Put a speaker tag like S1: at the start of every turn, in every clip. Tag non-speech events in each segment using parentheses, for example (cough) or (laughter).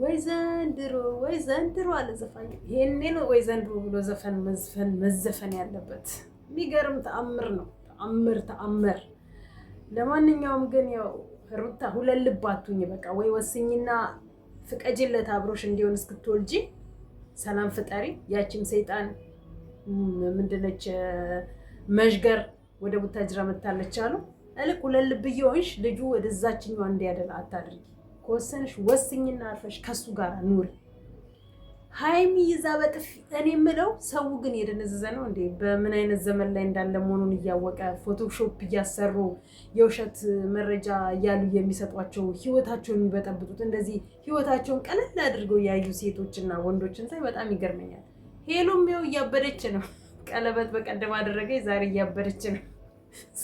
S1: ወይ ዘንድሮ ወይ ዘንድሮ አለ ዘፋኝ። ይሄኔ ነው ወይ ዘንድሮ ብሎ ዘፈን መዝፈን መዘፈን ያለበት። የሚገርም ተአምር ነው። ተአምር ተአምር። ለማንኛውም ግን ያው ሩታ ሁለት ልብ አትሁኝ። በቃ ወይ ወስኝና ፍቀጅለት አብሮሽ እንዲሆን እስክትወልጂ ሰላም ፍጠሪ። ያቺም ሰይጣን ምንድነች መዥገር ወደ ቡታጅራ መታለች አሉ እልክ ሁለት ልብ እየሆንሽ ልጁ ወደዛችኛዋ እንዲያደላ አታድርጊ። ከወሰንሽ ወስኝና አርፈሽ ከሱ ጋር ኑሪ። ሀይሚ ይዛ በጥፊ እኔ የምለው ሰው ግን የደነዘዘ ነው እንዴ? በምን አይነት ዘመን ላይ እንዳለ መሆኑን እያወቀ ፎቶሾፕ እያሰሩ የውሸት መረጃ እያሉ የሚሰጧቸው ህይወታቸውን የሚበጠብጡት እንደዚህ ህይወታቸውን ቀለል አድርገው ያዩ ሴቶችና ወንዶችን ሳይ በጣም ይገርመኛል። ሄሎም ያው እያበደች ነው። ቀለበት በቀደም አደረገ፣ ዛሬ እያበደች ነው።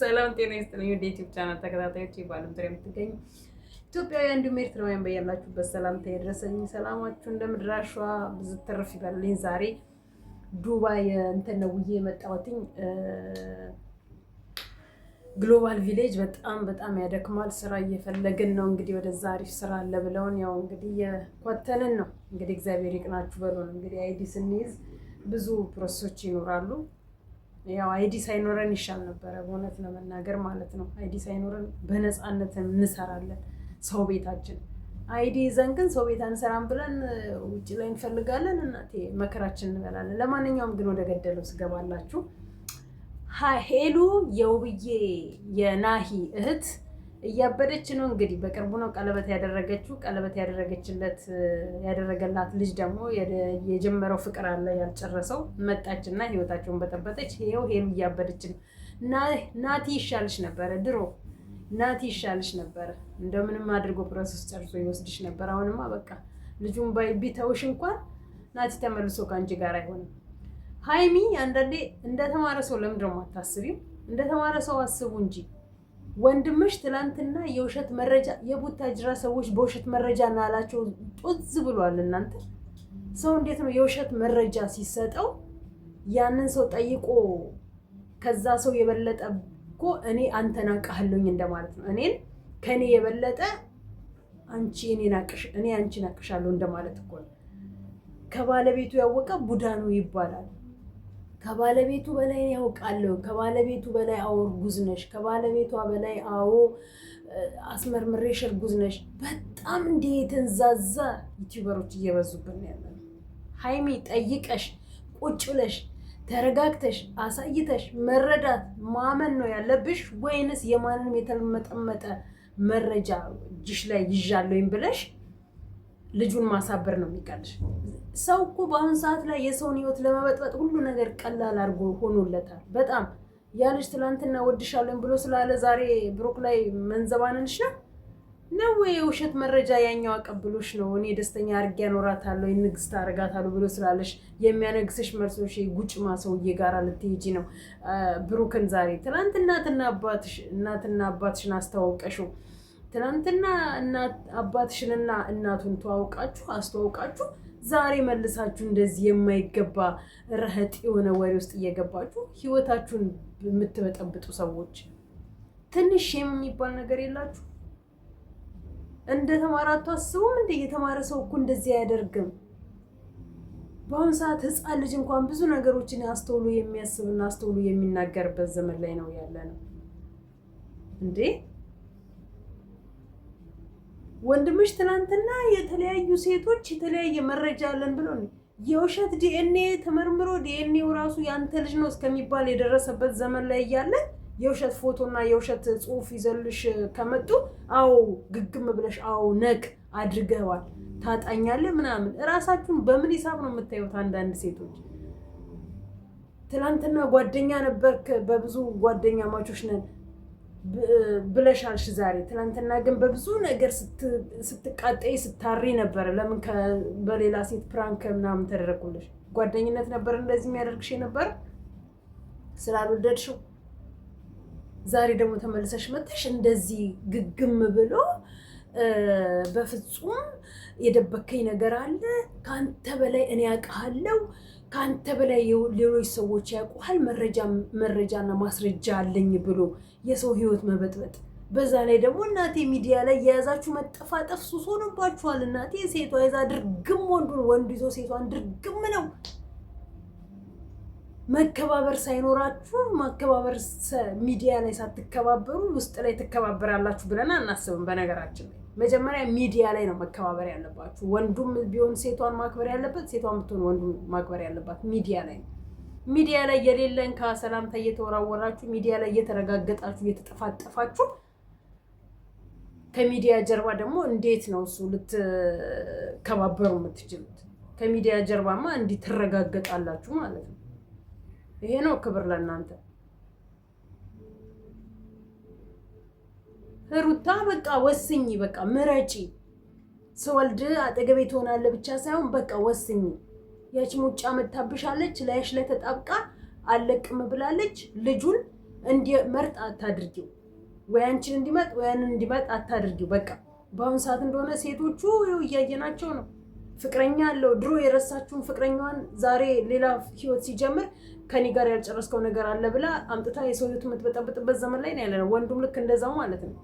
S1: ሰላም ጤና ይስጥልኝ። ወደ ኢትዮጵያ ቻናል ተከታታዮች ባለም ዙሪያ የምትገኙ ኢትዮጵያውያን እንዲሁም ኤርትራውያን በያላችሁበት ሰላምታ የደረሰኝ ሰላማችሁ እንደ ምድር አሸዋ ብዙ ተርፍ ይበልልኝ። ዛሬ ዱባይ እንትን ነው ውዬ የመጣሁትኝ። ግሎባል ቪሌጅ በጣም በጣም ያደክማል። ስራ እየፈለግን ነው እንግዲህ ወደዛ አሪፍ ስራ አለ ብለውን ያው እንግዲህ የኮተንን ነው እንግዲህ እግዚአብሔር ይቅናችሁ በሉን። እንግዲህ አይዲ ስንይዝ ብዙ ፕሮሰሶች ይኖራሉ። ያው አይዲ ሳይኖረን ይሻል ነበረ፣ በእውነት ለመናገር ማለት ነው። አይዲ ሳይኖረን በነፃነት እንሰራለን። ሰው ቤታችን አይዲ ይዘን ግን ሰው ቤት አንሰራም ብለን ውጭ ላይ እንፈልጋለን። እናቴ መከራችን እንበላለን። ለማንኛውም ግን ወደ ገደለው ስገባላችሁ ሄሉ የውብዬ የናሂ እህት እያበደች ነው። እንግዲህ በቅርቡ ነው ቀለበት ያደረገችው። ቀለበት ያደረገችለት ያደረገላት ልጅ ደግሞ የጀመረው ፍቅር አለ ያልጨረሰው መጣች እና ህይወታቸውን በጠበጠች። ይኸው ሄሉ እያበደች ነው። ናቲ ይሻልሽ ነበረ ድሮ ናቲ ይሻልሽ ነበረ። እንደምንም አድርጎ ፕሮሰስ ጨርሶ ይወስድሽ ነበር። አሁንማ በቃ ልጁን ባይ ቢተውሽ እንኳን ናቲ ተመልሶ ከአንቺ ጋር አይሆንም። ሀይሚ አንዳንዴ እንደተማረ ሰው ለምን ደግሞ የማታስቢው? እንደተማረ ሰው አስቡ እንጂ ወንድምሽ ትናንትና የውሸት መረጃ የቡታጅራ ሰዎች በውሸት መረጃ ናላቸው ጡዝ ብሏል። እናንተ ሰው እንዴት ነው የውሸት መረጃ ሲሰጠው ያንን ሰው ጠይቆ ከዛ ሰው የበለጠ እኮ እኔ አንተን አቀሃለኝ እንደማለት ነው። እኔን ከእኔ የበለጠ አንቺ እኔን አውቅሽ፣ እኔ አንቺ ናቅሻለሁ እንደማለት እኮ ነው። ከባለቤቱ ያወቀ ቡዳኑ ይባላል። ከባለቤቱ በላይ ያውቃለሁ፣ ከባለቤቱ በላይ አዎ እርጉዝ ነሽ፣ ከባለቤቷ በላይ አዎ አስመርምሬሽ እርጉዝ ነሽ። በጣም እንደ የተንዛዛ ዩቲዩበሮች እየበዙብን ያለ ሀይሚ ጠይቀሽ ቁጭ ብለሽ ተረጋግተሽ አሳይተሽ መረዳት ማመን ነው ያለብሽ፣ ወይንስ የማንም የተመጠመጠ መረጃ እጅሽ ላይ ይዣለኝ ብለሽ ልጁን ማሳበር ነው የሚቀልሽ? ሰው እኮ በአሁኑ ሰዓት ላይ የሰውን ህይወት ለመበጥበጥ ሁሉ ነገር ቀላል አድርጎ ሆኖለታል። በጣም ያልሽ ትናንትና ወድሻለኝ ብሎ ስላለ ዛሬ ብሩክ ላይ መንዘባነንሽ ነው ነው የውሸት መረጃ ያኛው አቀብሎሽ ነው? እኔ ደስተኛ አድርጌ ያኖራታለሁ ንግስት አደርጋታለሁ ብሎ ስላለሽ የሚያነግስሽ መርሶሽ ጉጭማ ሰውዬ ጋር ልትሄጂ ነው? ብሩክን ዛሬ ትናንት እናትና አባትሽን አስተዋውቀሽው ትናንትና አባትሽንና እናቱን ተዋውቃችሁ አስተዋውቃችሁ ዛሬ መልሳችሁ እንደዚህ የማይገባ ረህጥ የሆነ ወሬ ውስጥ እየገባችሁ ህይወታችሁን የምትበጠብጡ ሰዎች ትንሽ የሚባል ነገር የላችሁ እንደ ተማረ አታስቡም? እንደ የተማረ ሰው እኮ እንደዚህ አያደርግም። በአሁኑ ሰዓት ህፃን ልጅ እንኳን ብዙ ነገሮችን አስተውሎ የሚያስብና አስተውሎ የሚናገርበት ዘመን ላይ ነው ያለ ነው። እንዴ ወንድምሽ ትናንትና የተለያዩ ሴቶች የተለያየ መረጃ አለን ብሎ የውሸት ዲኤንኤ ተመርምሮ ዲኤንኤው ራሱ ያንተ ልጅ ነው እስከሚባል የደረሰበት ዘመን ላይ እያለን የውሸት ፎቶና የውሸት ጽሁፍ ይዘልሽ ከመጡ አዎ ግግም ብለሽ አዎ ነክ አድርገዋል ታጣኛለህ ምናምን። እራሳችሁን በምን ሂሳብ ነው የምታዩት? አንዳንድ ሴቶች ትናንትና ጓደኛ ነበርክ፣ በብዙ ጓደኛ ማቾች ነን ብለሻልሽ ዛሬ። ትላንትና ግን በብዙ ነገር ስትቃጠይ ስታሪ ነበረ። ለምን በሌላ ሴት ፕራንክ ምናምን ተደረጉልሽ? ጓደኝነት ነበር እንደዚህ የሚያደርግሽ የነበረ ስላልወደድሽው ዛሬ ደግሞ ተመልሰሽ መጥተሽ እንደዚህ ግግም ብሎ በፍጹም የደበከኝ ነገር አለ፣ ከአንተ በላይ እኔ ያውቅሃለሁ፣ ከአንተ በላይ ሌሎች ሰዎች ያውቁሃል፣ መረጃና ማስረጃ አለኝ ብሎ የሰው ህይወት መበጥበጥ በዛ ላይ ደግሞ እናቴ ሚዲያ ላይ የያዛችሁ መጠፋጠፍ ሱስ ሆኖባችኋል። እናቴ ሴቷ ይዛ ድርግም ወንዱን፣ ወንዱ ይዞ ሴቷን ድርግም ነው። መከባበር ሳይኖራችሁ መከባበር ሚዲያ ላይ ሳትከባበሩ ውስጥ ላይ ትከባበራላችሁ ብለን አናስብም። በነገራችን ላይ መጀመሪያ ሚዲያ ላይ ነው መከባበር ያለባችሁ። ወንዱም ቢሆን ሴቷን ማክበር ያለበት፣ ሴቷን ብትሆን ወንዱ ማክበር ያለባት ሚዲያ ላይ ነው። ሚዲያ ላይ የሌለን ከሰላምታ እየተወራወራችሁ ሚዲያ ላይ እየተረጋገጣችሁ እየተጠፋጠፋችሁ ከሚዲያ ጀርባ ደግሞ እንዴት ነው እሱ ልትከባበሩ የምትችሉት? ከሚዲያ ጀርባማ እንዲትረጋገጣላችሁ ማለት ነው። ይሄ ነው ክብር ለእናንተ። ሩታ በቃ ወስኝ፣ በቃ ምረጪ። ስወልድ አጠገቤ ትሆናለህ ብቻ ሳይሆን በቃ ወስኝ። ያች ሙጫ መታብሻለች፣ ላይሽ ለተጣብቃ አለቅም ብላለች። ልጁን እንዲመርጥ አታድርጊው። ወይ አንቺን እንዲመጥ ወይ እንዲመጥ አታድርጊው። በቃ በአሁኑ ሰዓት እንደሆነ ሴቶቹ እያየናቸው ነው። ፍቅረኛ አለው። ድሮ የረሳችውን ፍቅረኛዋን ዛሬ ሌላ ህይወት ሲጀምር ከኔ ጋር ያልጨረስከው ነገር አለ ብላ አምጥታ የሰው ህይወት የምትበጠብጥበት ዘመን ላይ ነው ያለ ነው። ወንዱም ልክ እንደዛው ማለት ነው።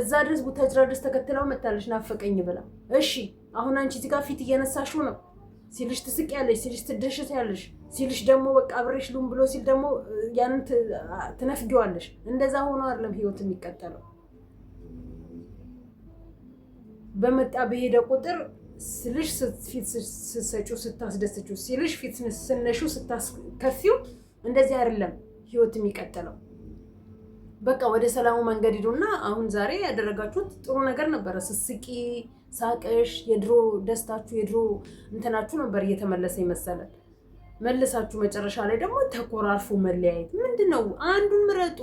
S1: እዛ ድረስ ቡታጅራ ድረስ ተከትለው መታለች ናፈቀኝ ብላ። እሺ አሁን አንቺ እዚህ ጋር ፊት እየነሳሽው ነው ሲልሽ ትስቅ ያለሽ ሲልሽ ትደሽት ያለሽ ሲልሽ ደግሞ በቃ አብሬሽ ሉም ብሎ ሲል ደግሞ ያንን ትነፍጊዋለሽ። እንደዛ ሆኖ አይደለም ህይወት የሚቀጠለው። በመጣ በሄደ ቁጥር ስልሽ ፊት ስሰጩ ስታስደስችው፣ ሲልሽ ፊት ስነሹ ስታስከፊው፣ እንደዚህ አይደለም ህይወት የሚቀጥለው። በቃ ወደ ሰላሙ መንገድ ሂዱና አሁን ዛሬ ያደረጋችሁት ጥሩ ነገር ነበረ። ስስቂ ሳቅሽ፣ የድሮ ደስታችሁ፣ የድሮ እንትናችሁ ነበር እየተመለሰ ይመሰላል። መልሳችሁ መጨረሻ ላይ ደግሞ ተኮራርፎ መለያየት ምንድን ነው? አንዱን ምረጡ።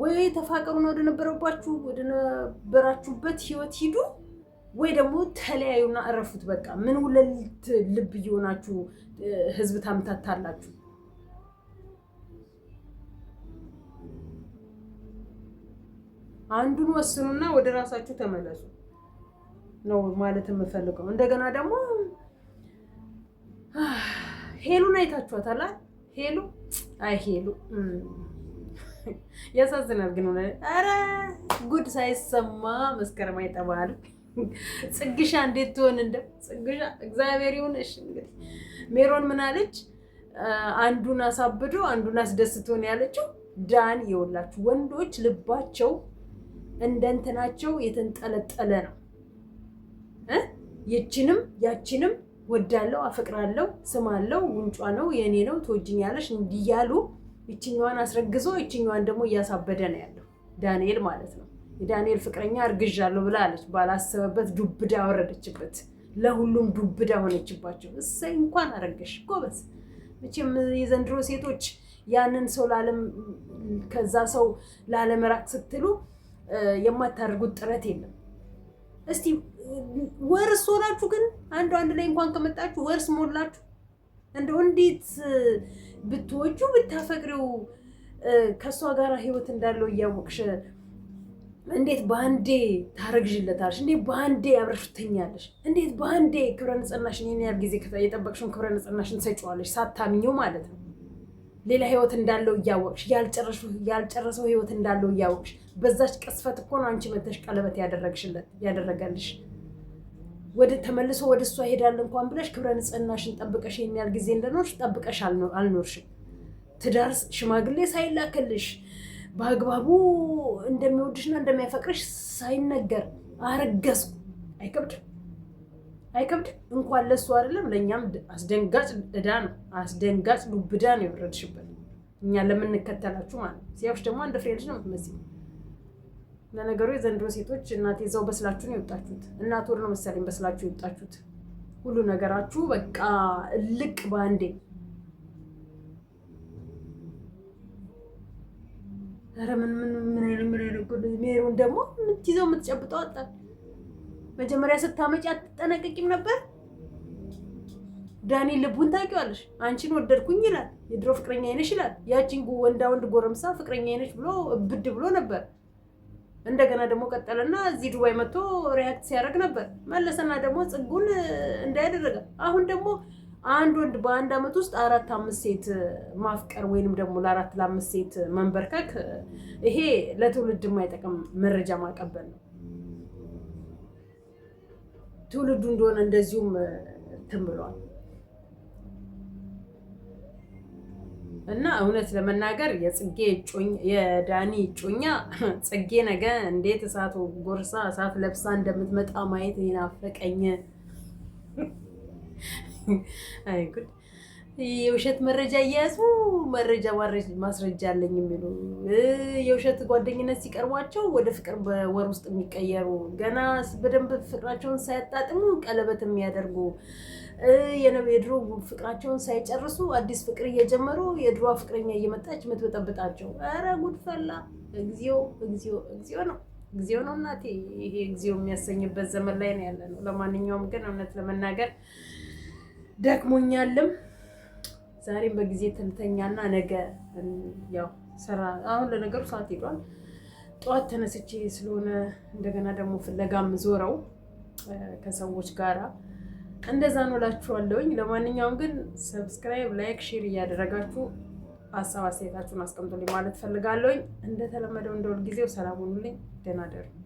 S1: ወይ ተፋቀሩና ወደ ነበረባችሁ ወደ ነበራችሁበት ህይወት ሂዱ፣ ወይ ደግሞ ተለያዩና እረፉት። በቃ ምን ሁለት ልብ እየሆናችሁ ህዝብ ታምታታላችሁ? አንዱን ወስኑና ወደ ራሳችሁ ተመለሱ ነው ማለት የምፈልገው። እንደገና ደግሞ ሄሉን አይታችኋታል። ሄሉ አይ ሄሉ ያሳዝናል። ግን ሆነ ኧረ ጉድ ሳይሰማ መስከረም አይጠባል። ጽግሻ እንዴት ትሆን እንደ ጽግሻ እግዚአብሔር ይሁን። እሺ እንግዲህ ሜሮን ምን አለች? አንዱን አሳብዶ አንዱን አስደስቶን ያለችው ዳን። የወላችሁ ወንዶች ልባቸው እንደንትናቸው የተንጠለጠለ ነው። ይችንም ያችንም ወዳለው አፈቅራለው ስማለው ውንጯ ነው የእኔ ነው ትወጅኛለሽ እንዲያሉ ይችኛዋን አስረግዞ ይችኛዋን ደግሞ እያሳበደ ነው ያለው ዳንኤል ማለት ነው። የዳንኤል ፍቅረኛ እርግዣለሁ ብላ አለች። ባላሰበበት ዱብዳ ወረደችበት። ለሁሉም ዱብዳ ሆነችባቸው። እሰይ እንኳን አረገሽ ጎበዝ። መቼም የዘንድሮ ሴቶች ያንን ሰው ከዛ ሰው ላለመራቅ ስትሉ የማታደርጉት ጥረት የለም። እስቲ ወርስ ሆናችሁ ግን አንዱ አንድ ላይ እንኳን ከመጣችሁ ወርስ ሞላችሁ እንደው እንዴት ብትወጁ ብታፈቅሪው ከእሷ ጋር ህይወት እንዳለው እያወቅሽ እንዴት በአንዴ ታረግዥለታለሽ? እንዴት በአንዴ አብረሽ ትተኛለሽ? እንዴት በአንዴ ክብረ ንጽህናሽን ይህን ያህል ጊዜ የጠበቅሽውን ክብረ ንጽህናሽን ትሰጪዋለሽ? ሳታምኘው ማለት ነው። ሌላ ህይወት እንዳለው እያወቅሽ ያልጨረሰው ህይወት እንዳለው እያወቅሽ በዛች ቅስፈት እኮ ነው አንቺ መተሽ ቀለበት ያደረግሽለት ያደረገልሽ። ወደ ተመልሶ ወደ እሷ ሄዳለሁ እንኳን ብለሽ ክብረ ንጽህናሽን ጠብቀሽ የሚያል ጊዜ እንደኖርሽ ጠብቀሽ አልኖርሽም። ትዳር ሽማግሌ ሳይላክልሽ በአግባቡ እንደሚወድሽና እንደሚያፈቅርሽ ሳይነገር አረገዝኩ አይከብድም? አይከብድም? እንኳን ለእሱ አይደለም ለእኛም አስደንጋጭ እዳ ነው፣ አስደንጋጭ ዱብ እዳ ነው የወረድሽበት እኛ ለምንከተላችሁ ማለት ነው። ሲያዩሽ ደግሞ አንድ ፍሬ ልጅ ነው የምትመስለው ለነገሩ የዘንድሮ ሴቶች እናት ይዘው በስላችሁ ነው የወጣችሁት። እናት ወር ነው መሰለኝ በስላችሁ የወጣችሁት። ሁሉ ነገራችሁ በቃ እልቅ በአንዴ። ኧረ ምን ምን ሜሮን ደግሞ የምትይዘው የምትጨብጠው አጣ። መጀመሪያ ስታመጪ አትጠነቀቂም ነበር? ዳኒ ልቡን ታውቂዋለሽ። አንቺን ወደድኩኝ ይላል፣ የድሮ ፍቅረኛ አይነሽ ይላል። ያቺን ወንዳ ወንድ ጎረምሳ ፍቅረኛ አይነሽ ብሎ እብድ ብሎ ነበር እንደገና ደግሞ ቀጠለና እዚህ ዱባይ መጥቶ ሪያክት ሲያደርግ ነበር። መለሰና ደግሞ ጽጉን እንዳያደረገ አሁን ደግሞ አንድ ወንድ በአንድ ዓመት ውስጥ አራት አምስት ሴት ማፍቀር ወይንም ደግሞ ለአራት ለአምስት ሴት መንበርከክ፣ ይሄ ለትውልድ የማይጠቅም መረጃ ማቀበል ነው። ትውልዱ እንደሆነ እንደዚሁም ትም ብለዋል። እና እውነት ለመናገር የጽጌ የዳኒ እጮኛ (laughs) ጽጌ ነገ እንዴት እሳት ጎርሳ እሳት ለብሳ እንደምትመጣ ማየት ናፈቀኝ። (laughs) አይ ጉድ የውሸት መረጃ እየያዙ መረጃ ማስረጃ አለኝ የሚሉ የውሸት ጓደኝነት ሲቀርቧቸው ወደ ፍቅር በወር ውስጥ የሚቀየሩ ገና በደንብ ፍቅራቸውን ሳያጣጥሙ ቀለበት የሚያደርጉ የድሮ ፍቅራቸውን ሳይጨርሱ አዲስ ፍቅር እየጀመሩ የድሮ ፍቅረኛ እየመጣች የምትበጠብጣቸው። ኧረ ጉድፈላ እግዚኦ፣ እግዚኦ፣ እግዚኦ ነው እግዚኦ ነው እናቴ። ይሄ እግዚኦ የሚያሰኝበት ዘመን ላይ ነው ያለ ነው። ለማንኛውም ግን እውነት ለመናገር ደክሞኛልም ዛሬም በጊዜ ትንተኛና ነገ ያው ስራ አሁን ለነገሩ ሰዓት ሄዷል። ጠዋት ተነስቼ ስለሆነ እንደገና ደግሞ ፍለጋም ዞረው ከሰዎች ጋራ እንደዛ ነው እላችኋለሁኝ። ለማንኛውም ግን ሰብስክራይብ፣ ላይክ፣ ሼር እያደረጋችሁ ሀሳብ አስተያየታችሁን አስቀምጡልኝ ማለት ፈልጋለሁኝ። እንደተለመደው እንደውል ጊዜው ሰላም ሁኑልኝ። ደህና ደሩ።